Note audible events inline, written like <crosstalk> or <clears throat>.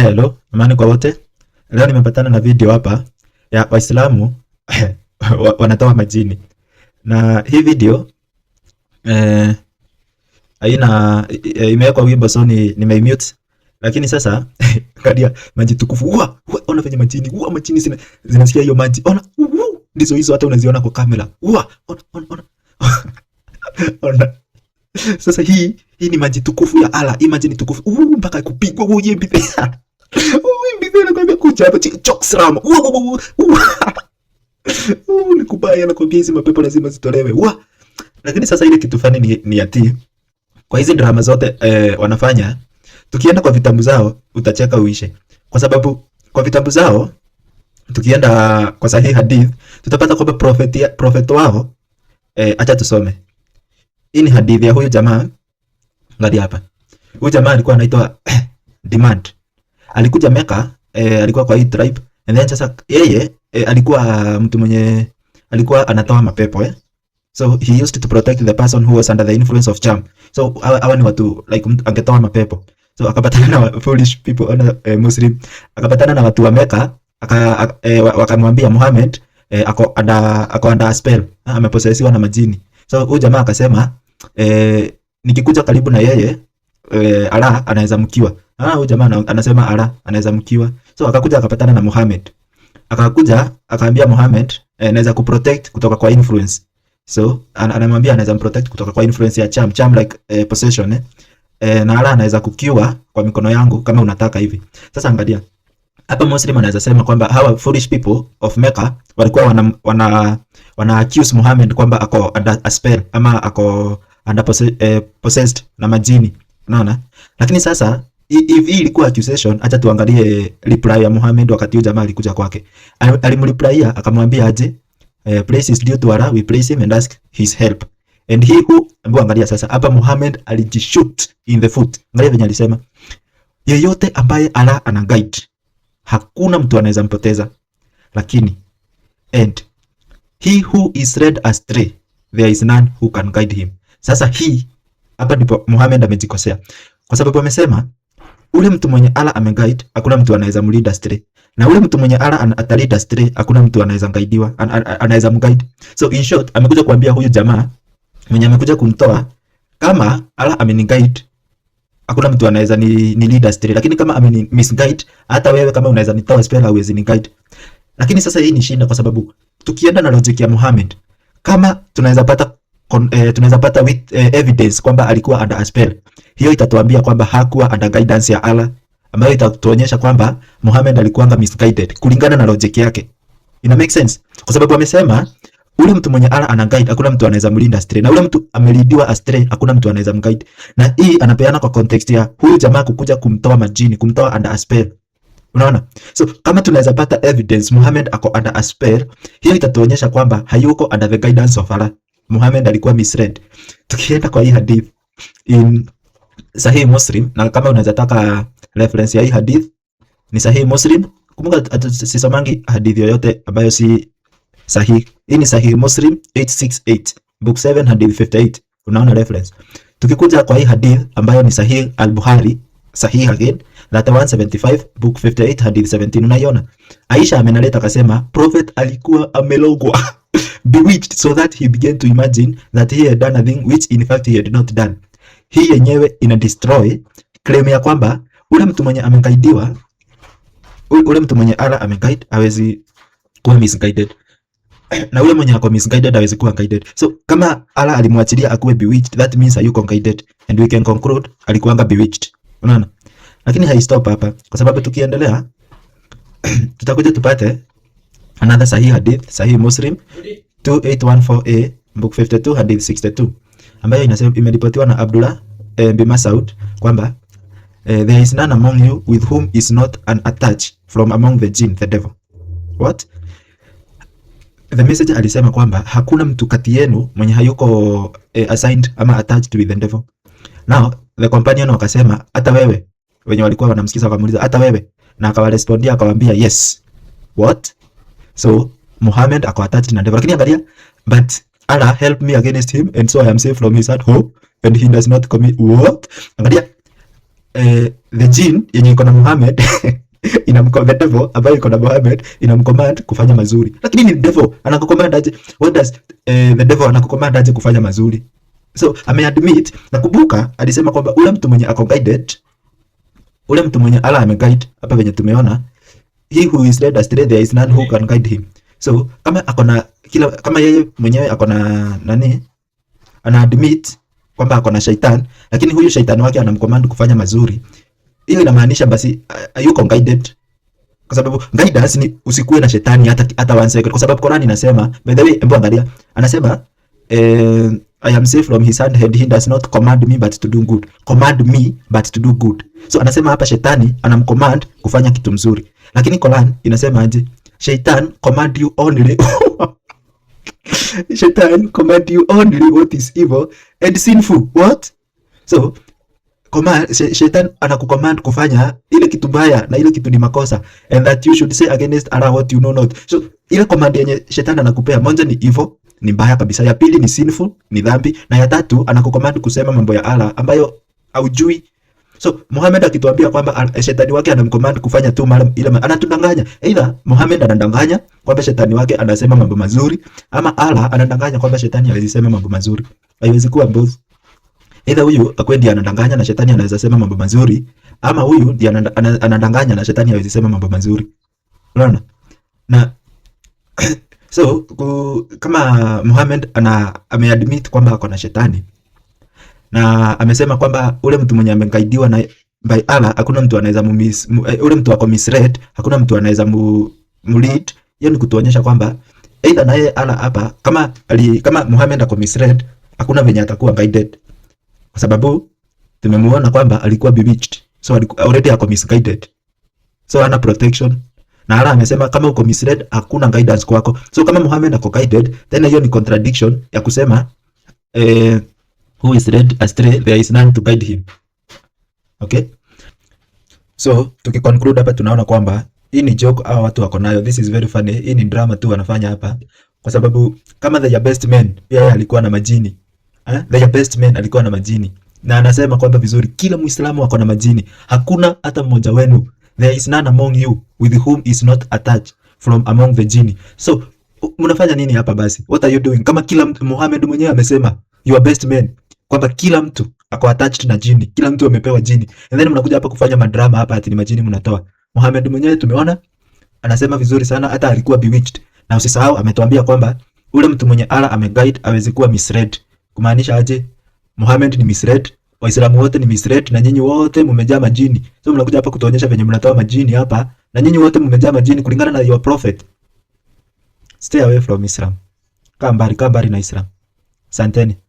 Hello, amani kwa wote. Leo nimepatana na video hapa ya Waislamu <clears throat> wanatoa majini na hii video eh, haina eh, imewekwa wimbo so ni nime mute. lakini sasa <laughs> kadia maji tukufu. Uwa, uwa, ona venye majini uwa, majini zina, zinasikia hiyo maji ona, ndizo hizo hata unaziona kwa kamera uwa, ona, ona, ona. <laughs> ona. Sasa hii hii ni maji tukufu ya Allah. Hii maji ni tukufu. Uu mpaka kupigwa wewe yembe pesa. Uu mbizi anakuambia kuja hapa chok salama. Uu uu ni kubaya anakuambia hizi mapepo lazima zitolewe. Wa. Lakini sasa ile kitu fani ni, ni ati kwa hizi drama zote eh, wanafanya tukienda kwa vitabu zao utacheka uishe. Kwa sababu kwa vitabu zao tukienda kwa sahihi hadith tutapata kwamba profeti profeti wao eh, acha tusome hii ni hadithi ya huyu jamaa ngadi hapa. Huyu jamaa alikuwa anaitwa <clears throat> Demand. Alikuja Mecca, eh, alikuwa kwa hii tribe. And then sasa yeye eh, alikuwa mtu mwenye alikuwa anatoa mapepo eh. So he used to protect the person who was under the influence of charm. So hawa ni watu like mtu angetoa mapepo. So akapatana na foolish people on eh, Muslim. Akapatana na watu wa Mecca, aka eh, wakamwambia Muhammad eh, ako ada ako anda spell. Ha, ah, ameposesiwa na majini. So huyu jamaa akasema e, nikikuja karibu na yeye e, ala anaweza mkiwa. Ah, huyu jamaa anasema ala anaweza mkiwa. So akakuja akapatana na Muhammad, akakuja akaambia Muhammad e, eh, naweza kuprotect kutoka kwa influence. So an, anamwambia anaweza mprotect kutoka kwa influence ya charm charm like e, possession eh. E, na ala anaweza kukiwa kwa mikono yangu kama unataka hivi. Sasa angalia hapa Muslim anaweza sema kwamba hawa foolish people of Mecca walikuwa wana, wana, wana accuse Muhammad kwamba ako under a spell ama ako under possessed, eh, possessed na majini. Unaona? Lakini sasa if hii ilikuwa accusation, acha tuangalie reply ya Muhammad wakati huyo jamaa alikuja kwake. Alimreply akamwambia aje, eh, place is due to Allah, we place him and ask his help. And he who, ambao angalia sasa hapa Muhammad alijishoot in the foot. Angalia venye alisema. Yeyote ambaye Allah ana guide hakuna mtu anaweza mpoteza. Lakini and he who is led astray there is none who can guide him. Sasa hii hapa ndipo Muhammad amejikosea, kwa sababu amesema ule mtu mwenye ala ameguide hakuna mtu anaweza mlead astray, na ule mtu mwenye ala atalid astray hakuna mtu anaweza guidiwa, anaweza mguide. So in short, amekuja kuambia huyu jamaa mwenye amekuja kumtoa, kama Allah ameniguide hakuna mtu anaweza ni, ni leader straight, lakini kama ame misguide, hata wewe kama unaweza ni nitoa spell hauwezi ni guide. Lakini sasa hii ni shida, kwa sababu tukienda na logic ya Muhammad, kama tunaweza pata eh, tunaweza pata with eh, evidence kwamba alikuwa under a spell, hiyo itatuambia kwamba hakuwa under guidance ya Allah, ambayo itatuonyesha kwamba Muhammad alikuwa misguided kulingana na logic yake. Ina make sense, kwa sababu amesema Ule mtu mwenye ala ana guide, hakuna mtu anaweza mlinda astray, na ule mtu amelidiwa astray, hakuna mtu anaweza mguide. Na hii anapeana kwa context ya huyu jamaa kukuja kumtoa majini, kumtoa under a spell. Unaona, so kama tunaweza pata evidence Muhammad ako under a spell, hiyo itatuonyesha kwamba hayuko under the guidance of Allah. Muhammad alikuwa misread. Tukienda kwa hii hadith in Sahih Muslim, na kama unaweza taka reference ya hii hadith ni Sahih Muslim. Kumbuka sisomangi hadithi yoyote ambayo si sahihi hii ni Sahihi Muslim 868 book 7 hadith 58. Unaona reference. Tukikuja kwa hii hadith ambayo ni Sahih al-Bukhari, Sahih again, that 175 book 58 hadith 17 unaiona. Aisha amenaleta akasema Prophet alikuwa amelogwa <laughs> bewitched so that he began to imagine that he had done a thing which in fact he had not done. Hii yenyewe ina destroy claim ya kwamba ule mtu mwenye amekaidiwa, ule mtu mwenye ala amekaid hawezi kuwa misguided na ule mwenye ako misguided hawezi kuwa guided. So kama ala alimwachilia akuwe bewitched, that means hayuko guided and we can conclude alikuwanga bewitched. Unaona? Lakini hai stop hapa kwa sababu tukiendelea <clears throat> tutakuja tupate another sahih hadith, sahih Muslim 2814a book 52 hadith 62 ambayo inasema imeripotiwa na Abdullah eh, bin Mas'ud kwamba eh, there is none among you with whom is not an attach from among the jinn the devil. What? The messenger alisema kwamba hakuna mtu kati yenu mwenye hayuko eh, assigned ama attached with the devil. Now the companion wakasema hata wewe, wenye walikuwa wanamsikiza wakamuuliza hata wewe, na akawarespondia akawaambia yes. What? So Muhammad ako attached na devil, lakini angalia, but Allah help me against him and so I am safe from his at hope and he does not commit what? Angalia eh, the jinn yenye iko na Muhammad <laughs> <laughs> inamcom the devil ambayo iko na Mohamed inamcommand kufanya mazuri, lakini ni devil anakucommand aje? What does uh, the devil anakucommand aje kufanya mazuri? So ame admit na kumbuka, alisema kwamba ule mtu mwenye ako guided, ule mtu mwenye ala ame guide hapa venye tumeona, he who is led astray there is none who can guide him. So kama ako na kila kama yeye mwenyewe ako na nani, ana admit kwamba ako na shaitan, lakini huyu shaitan wake anamcommand kufanya mazuri hiyo inamaanisha basi uh, yuko guided kwa sababu guidance ni usikue na shetani hata hata one second, kwa sababu Qur'an inasema, by the way, embo angalia, anasema eh, I am safe from his hand, and he does not command me but to do good, command me but to do good. So anasema hapa shetani anamcommand kufanya kitu mzuri, lakini Qur'an inasema aje? Shaitan command you only <laughs> Shaitan command you only what is evil and sinful. What? So command, shetani anakucommand kufanya ile kitu mbaya na ile kitu ni makosa, and that you should say against Allah what you know not. So ile command yenye shetani anakupea moja ni evil, ni mbaya kabisa. Ya pili ni sinful, ni dhambi, na ya tatu anakucommand kusema mambo ya Allah ambayo haujui. So Muhammad akituambia kwamba shetani wake anamcommand kufanya tu mara ile anatudanganya. Either Muhammad anadanganya kwamba shetani wake anasema mambo mazuri ama Allah anadanganya kwamba shetani hawezi sema mambo mazuri. Haiwezi kuwa both. Either huyu akwe ndiye anadanganya na shetani anaweza sema mambo mazuri, ama huyu ndiye anadanganya na shetani hawezi sema mambo mazuri. Unaona? Na <clears throat> so ku, kama Muhammad ana ameadmit kwamba ako na shetani na amesema kwamba ule mtu mwenye amegaidiwa na by Allah hakuna mtu anaweza mumis, eh, ule mtu ako misread, hakuna mtu anaweza mu, mulead. Hiyo ni kutuonyesha kwamba either naye Allah hapa kama ali, kama Muhammad ako misread hakuna venye atakuwa guided kwa sababu tumemuona kwamba alikuwa bewitched, so already ako misguided, so ana protection na Allah amesema kama uko misled hakuna guidance kwako. So kama Muhammad ako guided, tena hiyo ni contradiction ya kusema eh, who is led astray there is none to guide him. Okay, so tuki conclude hapa tunaona kwamba hii ni joke au watu wako nayo, this is very funny. Hii ni drama tu wanafanya hapa, kwa sababu kama the best man pia alikuwa na majini eh, the best man alikuwa na majini na anasema kwamba vizuri, kila Muislamu ako na majini, hakuna hata mmoja wenu, there is none among you with whom is not attached from among the jini. So mnafanya nini hapa basi? What are you doing? Kama kila mtu, Muhammad mwenyewe amesema your best man, kwamba kila mtu ako attached na jini, kila mtu amepewa jini, and then mnakuja hapa kufanya madrama hapa ati ni majini mnatoa. Muhammad mwenyewe tumeona anasema vizuri sana, hata alikuwa bewitched, na usisahau ametuambia kwamba ule mtu mwenye ala ameguide awezi kuwa misread Kumaanisha aje? Muhammad ni misread, Waislamu wote ni misread na nyinyi wote mmejaa majini. so mnakuja hapa kutuonyesha venye mnatoa majini hapa na nyinyi wote mmejaa majini kulingana na your prophet. Stay away from Islam. Kaa mbali, kaa mbali na Islam. Santeni.